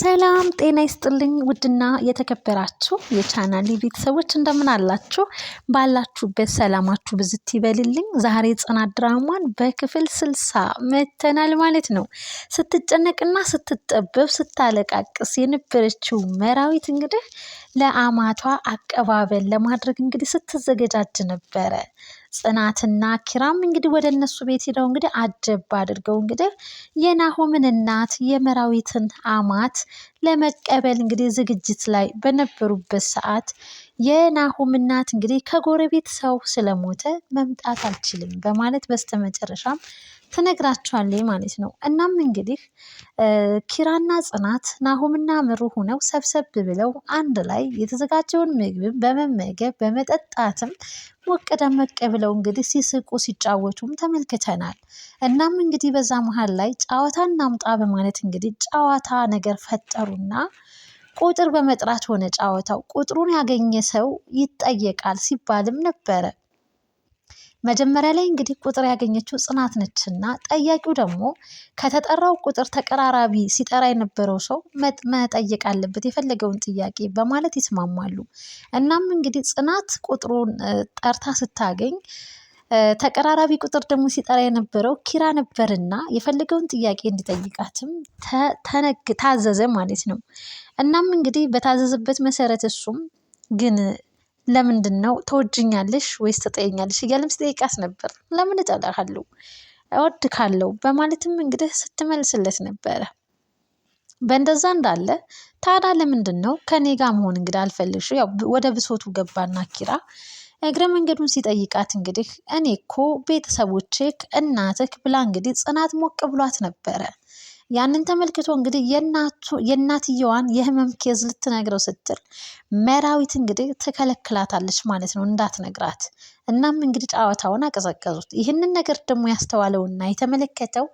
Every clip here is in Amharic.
ሰላም ጤና ይስጥልኝ። ውድና የተከበራችሁ የቻናል ቤተሰቦች እንደምን አላችሁ? ባላችሁበት ሰላማችሁ ብዝት ይበልልኝ። ዛሬ ጽናት ድራማን በክፍል ስልሳ መተናል ማለት ነው። ስትጨነቅና ስትጠበብ ስታለቃቅስ የነበረችው መራዊት እንግዲህ ለአማቷ አቀባበል ለማድረግ እንግዲህ ስትዘገጃጅ ነበረ። ጽናትና ኪራም እንግዲህ ወደ እነሱ ቤት ሄደው እንግዲህ አጀብ አድርገው እንግዲህ የናሆምን እናት የመራዊትን አማት ለመቀበል እንግዲህ ዝግጅት ላይ በነበሩበት ሰዓት የናሆም እናት እንግዲህ ከጎረቤት ሰው ስለሞተ መምጣት አልችልም በማለት በስተመጨረሻም ትነግራቸዋለች ማለት ነው። እናም እንግዲህ ኪራና ጽናት ናሆምና ምሩ ሆነው ሰብሰብ ብለው አንድ ላይ የተዘጋጀውን ምግብም በመመገብ በመጠጣትም ሞቅ ደመቅ ብለው እንግዲህ ሲስቁ ሲጫወቱም ተመልክተናል። እናም እንግዲህ በዛ መሀል ላይ ጨዋታ እናምጣ በማለት እንግዲህ ጨዋታ ነገር ፈጠሩና ቁጥር በመጥራት ሆነ ጨዋታው። ቁጥሩን ያገኘ ሰው ይጠየቃል ሲባልም ነበረ። መጀመሪያ ላይ እንግዲህ ቁጥር ያገኘችው ጽናት ነች እና ጠያቂው ደግሞ ከተጠራው ቁጥር ተቀራራቢ ሲጠራ የነበረው ሰው መጠየቅ አለበት የፈለገውን ጥያቄ በማለት ይስማማሉ። እናም እንግዲህ ጽናት ቁጥሩን ጠርታ ስታገኝ ተቀራራቢ ቁጥር ደግሞ ሲጠራ የነበረው ኪራ ነበርና የፈለገውን ጥያቄ እንዲጠይቃትም ተነግ ታዘዘ ማለት ነው። እናም እንግዲህ በታዘዘበት መሰረት እሱም ግን ለምንድን ነው ተወጅኛለሽ ወይስ ተጠየኛለሽ እያለም ሲጠይቃት ነበር። ለምን እጠላሃለሁ እወድ ካለው በማለትም እንግዲህ ስትመልስለት ነበረ። በእንደዛ እንዳለ ታዲያ ለምንድን ነው ከኔ ጋር መሆን እንግዲህ አልፈልግሽ ያው ወደ ብሶቱ ገባና ኪራ እግረ መንገዱን ሲጠይቃት እንግዲህ እኔ እኮ ቤተሰቦችህ እናትህ ብላ እንግዲህ ጽናት ሞቅ ብሏት ነበረ። ያንን ተመልክቶ እንግዲህ የእናትየዋን የህመም ኬዝ ልትነግረው ስትል መራዊት እንግዲህ ትከለክላታለች ማለት ነው እንዳትነግራት። እናም እንግዲህ ጨዋታውን አቀዘቀዙት። ይህንን ነገር ደግሞ ያስተዋለውና የተመለከተው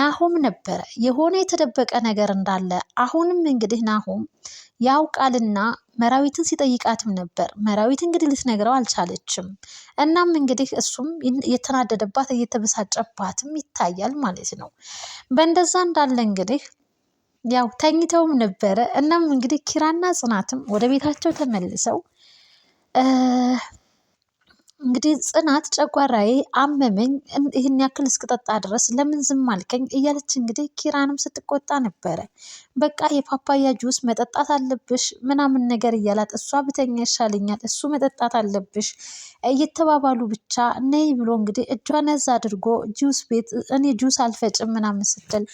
ናሆም ነበረ። የሆነ የተደበቀ ነገር እንዳለ አሁንም እንግዲህ ናሆም ያውቃልና መራዊትን ሲጠይቃትም ነበር። መራዊት እንግዲህ ልትነግረው አልቻለችም። እናም እንግዲህ እሱም የተናደደባት እየተበሳጨባትም ይታያል ማለት ነው። በእንደዛ እንዳለ እንግዲህ ያው ተኝተውም ነበረ። እናም እንግዲህ ኪራና ጽናትም ወደ ቤታቸው ተመልሰው እንግዲህ ጽናት ጨጓራዬ አመመኝ ይህን ያክል እስክጠጣ ድረስ ለምን ዝም አልከኝ እያለች እንግዲህ ኪራንም ስትቆጣ ነበረ። በቃ የፓፓያ ጁስ መጠጣት አለብሽ ምናምን ነገር እያላት እሷ ብተኛ ይሻለኛል፣ እሱ መጠጣት አለብሽ እየተባባሉ ብቻ ነይ ብሎ እንግዲህ እጇን ያዝ አድርጎ ጁስ ቤት እኔ ጁስ አልፈጭም ምናምን ስትል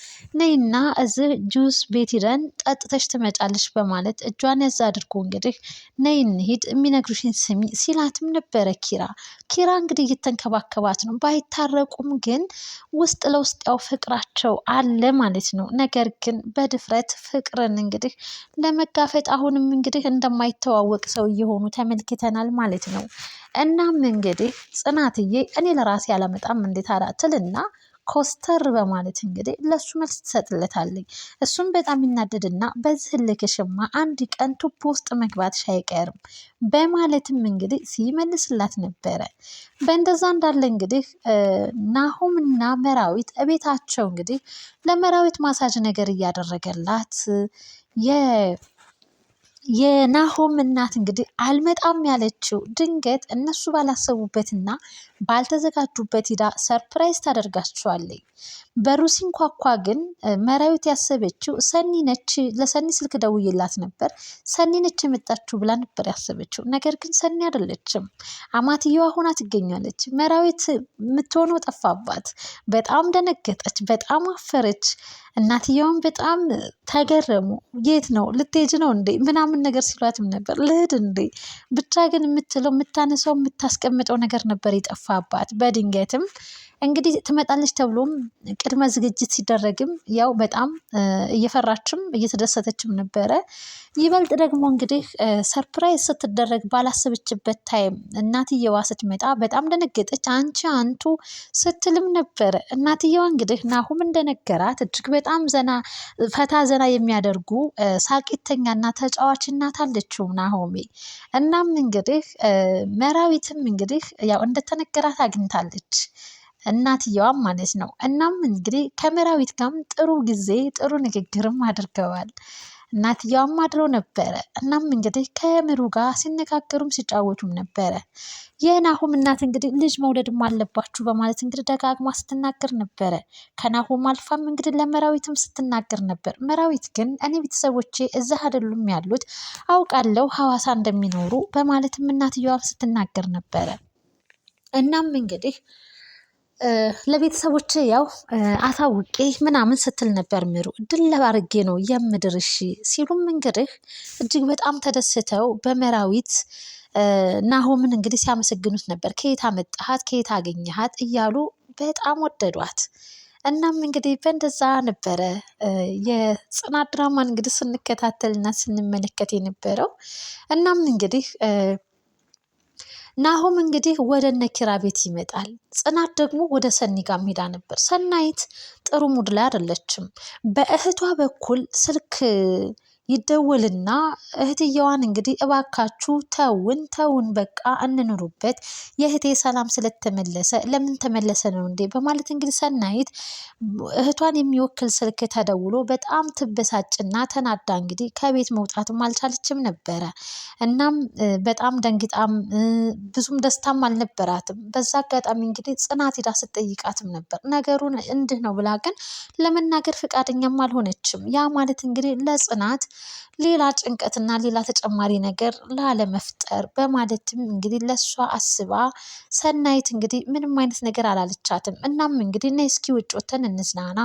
ነይና እዚህ ጁስ ቤት ሂደን ጠጥተሽ ትመጫለሽ በማለት እጇን ያዝ አድርጎ እንግዲህ ነይ እንሂድ የሚነግሩሽን ስሚ ሲላትም ነበረ ኪራ ኪራ እንግዲህ እየተንከባከባት ነው። ባይታረቁም ግን ውስጥ ለውስጥ ያው ፍቅራቸው አለ ማለት ነው። ነገር ግን በድፍረት ፍቅርን እንግዲህ ለመጋፈጥ አሁንም እንግዲህ እንደማይተዋወቅ ሰው እየሆኑ ተመልክተናል ማለት ነው። እናም እንግዲህ ጽናትዬ እኔ ለራሴ አላመጣም እንዴት አላትልና ኮስተር በማለት እንግዲህ ለሱ መልስ ትሰጥለታለኝ። እሱም በጣም ይናደድና በዚህ ልክሽማ አንድ ቀን ቱቦ ውስጥ መግባትሽ አይቀርም በማለትም እንግዲህ ሲመልስላት ነበረ። በእንደዛ እንዳለ እንግዲህ ናሆምና መራዊት እቤታቸው እንግዲህ ለመራዊት ማሳጅ ነገር እያደረገላት የናሆም እናት እንግዲህ አልመጣም ያለችው ድንገት እነሱ ባላሰቡበትና ባልተዘጋጁበት ሂዳ ሰርፕራይዝ ታደርጋቸዋለች። በሩ ሲንኳኳ ግን መራዊት ያሰበችው ሰኒ ነች። ለሰኒ ስልክ ደውዬላት ነበር፣ ሰኒ ነች የመጣችው ብላ ነበር ያሰበችው። ነገር ግን ሰኒ አይደለችም፣ አማትየዋ ሆና ትገኛለች። መራዊት የምትሆነው ጠፋባት። በጣም ደነገጠች፣ በጣም አፈረች። እናትየውን በጣም ተገረሙ። የት ነው ልትሄጂ ነው እንዴ ምናምን ምናምን ነገር ሲሏትም ነበር። ልሂድ እንዴ ብቻ ግን የምትለው የምታነሳው የምታስቀምጠው ነገር ነበር የጠፋባት። በድንገትም እንግዲህ ትመጣለች ተብሎም ቅድመ ዝግጅት ሲደረግም ያው በጣም እየፈራችም እየተደሰተችም ነበረ። ይበልጥ ደግሞ እንግዲህ ሰርፕራይዝ ስትደረግ ባላሰበችበት ታይም እናትየዋ ስትመጣ በጣም ደነገጠች። አንቺ አንቱ ስትልም ነበረ። እናትየዋ እንግዲህ ናሁም እንደነገራት እጅግ በጣም ዘና ፈታ ዘና የሚያደርጉ ሳቂተኛና ተጫዋች እናት አለችው ናሆሜ። እናም እንግዲህ መራዊትም እንግዲህ ያው እንደተነገራት አግኝታለች። እናትየዋም ማለት ነው። እናም እንግዲህ ከመራዊት ጋርም ጥሩ ጊዜ ጥሩ ንግግርም አድርገዋል። እናትየዋም አድሮ ነበረ። እናም እንግዲህ ከምሩ ጋር ሲነጋገሩም ሲጫወቱም ነበረ። የናሁም እናት እንግዲህ ልጅ መውለድም አለባችሁ በማለት እንግዲህ ደጋግማ ስትናገር ነበረ። ከናሁም አልፋም እንግዲህ ለመራዊትም ስትናገር ነበር። መራዊት ግን እኔ ቤተሰቦቼ እዛ አይደሉም ያሉት አውቃለሁ ሀዋሳ እንደሚኖሩ በማለትም እናትየዋም ስትናገር ነበረ። እናም እንግዲህ ለቤተሰቦች ያው አሳውቄ ምናምን ስትል ነበር ምሩ። ድል ለባርጌ ነው እሺ ሲሉም እንግዲህ እጅግ በጣም ተደስተው በመራዊት ናሆምን እንግዲህ ሲያመሰግኑት ነበር። ከየት አመጣሃት፣ ከየት አገኘሃት እያሉ በጣም ወደዷት። እናም እንግዲህ በእንደዛ ነበረ የጽናት ድራማን እንግዲህ ስንከታተልና ስንመለከት የነበረው። እናም እንግዲህ ናሆም እንግዲህ ወደ ነኪራ ቤት ይመጣል። ጽናት ደግሞ ወደ ሰኒ ጋር ሄዳ ነበር። ሰናይት ጥሩ ሙድ ላይ አይደለችም። በእህቷ በኩል ስልክ ይደወልና እህትየዋን እንግዲህ እባካችሁ ተውን ተውን በቃ እንኑሩበት የእህቴ ሰላም ስለተመለሰ ለምን ተመለሰ ነው እንዴ? በማለት እንግዲህ ሰናይት እህቷን የሚወክል ስልክ ተደውሎ በጣም ትበሳጭና ተናዳ እንግዲህ ከቤት መውጣትም አልቻለችም ነበረ። እናም በጣም ደንግጣም ብዙም ደስታም አልነበራትም። በዛ አጋጣሚ እንግዲህ ጽናት ሂዳ ስጠይቃትም ነበር። ነገሩን እንዲህ ነው ብላ ግን ለመናገር ፈቃደኛም አልሆነችም። ያ ማለት እንግዲህ ለጽናት ሌላ ጭንቀትና ሌላ ተጨማሪ ነገር ላለመፍጠር በማለትም እንግዲህ ለእሷ አስባ ሰናይት እንግዲህ ምንም አይነት ነገር አላለቻትም። እናም እንግዲህ ነይ እስኪ ውጭ ወተን እንዝናና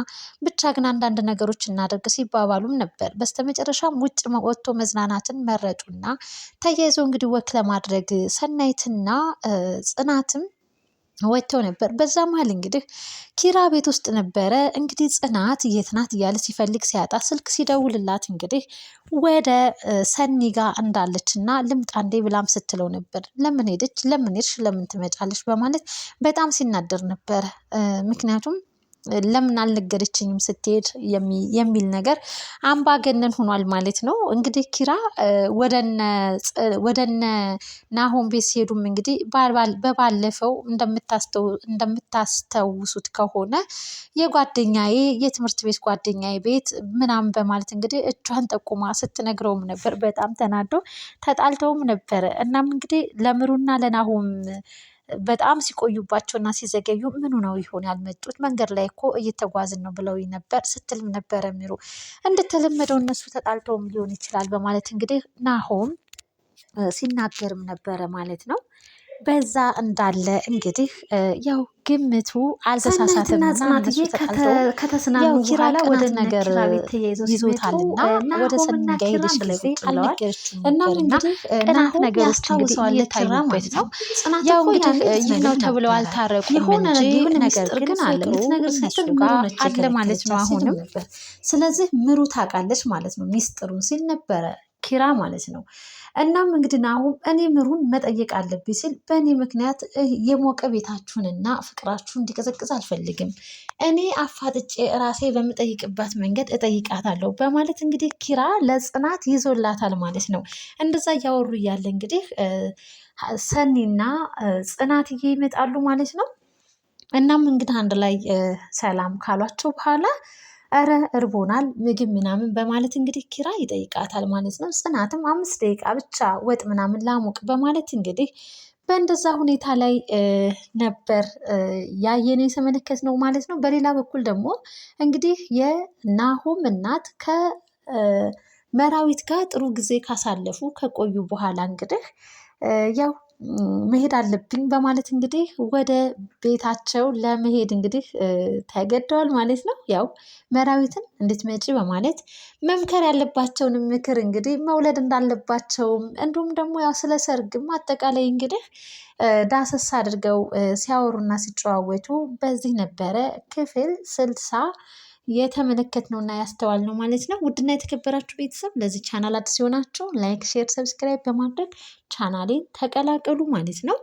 ብቻ ግን አንዳንድ ነገሮች እናደርግ ሲባባሉም ነበር። በስተመጨረሻም ውጭ ወጥቶ መዝናናትን መረጡና ተያይዞ እንግዲህ ወክ ለማድረግ ሰናይትና ጽናትም ወጥተው ነበር። በዛ መሀል እንግዲህ ኪራ ቤት ውስጥ ነበረ። እንግዲህ ጽናት የት ናት እያለ ሲፈልግ ሲያጣ ስልክ ሲደውልላት እንግዲህ ወደ ሰኒ ጋ እንዳለች እና ልምጣ እንዴ ብላም ስትለው ነበር። ለምን ሄደች? ለምን ሄድሽ? ለምን ትመጫለች? በማለት በጣም ሲናደር ነበረ። ምክንያቱም ለምን አልነገረችኝም ስትሄድ የሚል ነገር አምባገነን ሆኗል ማለት ነው። እንግዲህ ኪራ ወደነ ናሆም ቤት ሲሄዱም እንግዲህ በባለፈው እንደምታስታውሱት ከሆነ የጓደኛዬ የትምህርት ቤት ጓደኛዬ ቤት ምናምን በማለት እንግዲህ እጇን ጠቁማ ስትነግረውም ነበር። በጣም ተናዶ ተጣልተውም ነበረ። እናም እንግዲህ ለምሩና ለናሆም በጣም ሲቆዩባቸውና ሲዘገዩ ምኑ ነው ይሆን ያልመጡት? መንገድ ላይ እኮ እየተጓዝን ነው ብለው ነበር ስትልም ነበረ ሚሩ። እንደተለመደው እነሱ ተጣልተውም ሊሆን ይችላል በማለት እንግዲህ ናሆም ሲናገርም ነበረ ማለት ነው። በዛ እንዳለ እንግዲህ ያው ግምቱ አልተሳሳተምና ከተስናኑ በኋላ ወደ ነገር ይዞታልና ወደ ሄደሽ እንግዲህ ቅናት እንግዲህ ነው። ያው እንግዲህ ይህ ነው ተብለው አልታረቁም እንጂ ነገር ግን አለ ማለት ነው። አሁንም ስለዚህ ምሩ ታውቃለች ማለት ነው ሚስጥሩን ሲል ነበረ ኪራ ማለት ነው። እናም እንግዲህ ናሁም እኔ ምሩን መጠየቅ አለብኝ ሲል በእኔ ምክንያት የሞቀ ቤታችሁንና ፍቅራችሁን እንዲቀዘቅዝ አልፈልግም፣ እኔ አፋጥጬ ራሴ በምጠይቅባት መንገድ እጠይቃታለሁ በማለት እንግዲህ ኪራ ለጽናት ይዞላታል ማለት ነው። እንደዛ እያወሩ እያለ እንግዲህ ሰኒና ጽናትዬ ይመጣሉ ማለት ነው። እናም እንግዲህ አንድ ላይ ሰላም ካሏቸው በኋላ እረ እርቦናል ምግብ ምናምን በማለት እንግዲህ ኪራ ይጠይቃታል ማለት ነው። ጽናትም አምስት ደቂቃ ብቻ ወጥ ምናምን ላሞቅ በማለት እንግዲህ በእንደዛ ሁኔታ ላይ ነበር ያየነው የተመለከት ነው ማለት ነው። በሌላ በኩል ደግሞ እንግዲህ የናሆም እናት ከመራዊት ጋር ጥሩ ጊዜ ካሳለፉ ከቆዩ በኋላ እንግዲህ ያው መሄድ አለብኝ በማለት እንግዲህ ወደ ቤታቸው ለመሄድ እንግዲህ ተገደዋል ማለት ነው። ያው መራዊትን እንድትመጪ በማለት መምከር ያለባቸውን ምክር እንግዲህ መውለድ እንዳለባቸውም እንዲሁም ደግሞ ያው ስለ ሰርግም አጠቃላይ እንግዲህ ዳሰስ አድርገው ሲያወሩና ሲጨዋወቱ በዚህ ነበረ ክፍል ስልሳ የተመለከት ያስተዋል ነው ማለት ነው። ውድና የተከበራችሁ ቤተሰብ ለዚህ ቻናል አዲስ የሆናችሁ ላይክ፣ ሼር፣ ሰብስክራይብ በማድረግ ቻናሌን ተቀላቀሉ ማለት ነው።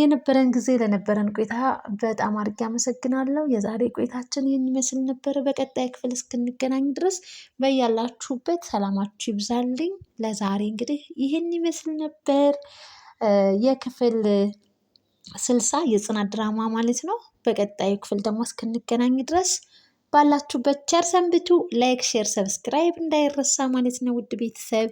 የነበረን ጊዜ ለነበረን ቆይታ በጣም አድርጌ አመሰግናለሁ። የዛሬ ቆይታችን ይህን ይመስል ነበር። በቀጣይ ክፍል እስክንገናኝ ድረስ በያላችሁበት ሰላማችሁ ይብዛልኝ። ለዛሬ እንግዲህ ይህን ይመስል ነበር የክፍል ስልሳ የጽናት ድራማ ማለት ነው። በቀጣዩ ክፍል ደግሞ እስክንገናኝ ድረስ ባላችሁበት ቸር ሰንብቱ። ላይክ፣ ሼር፣ ሰብስክራይብ እንዳይረሳ ማለት ነው ውድ ቤተሰብ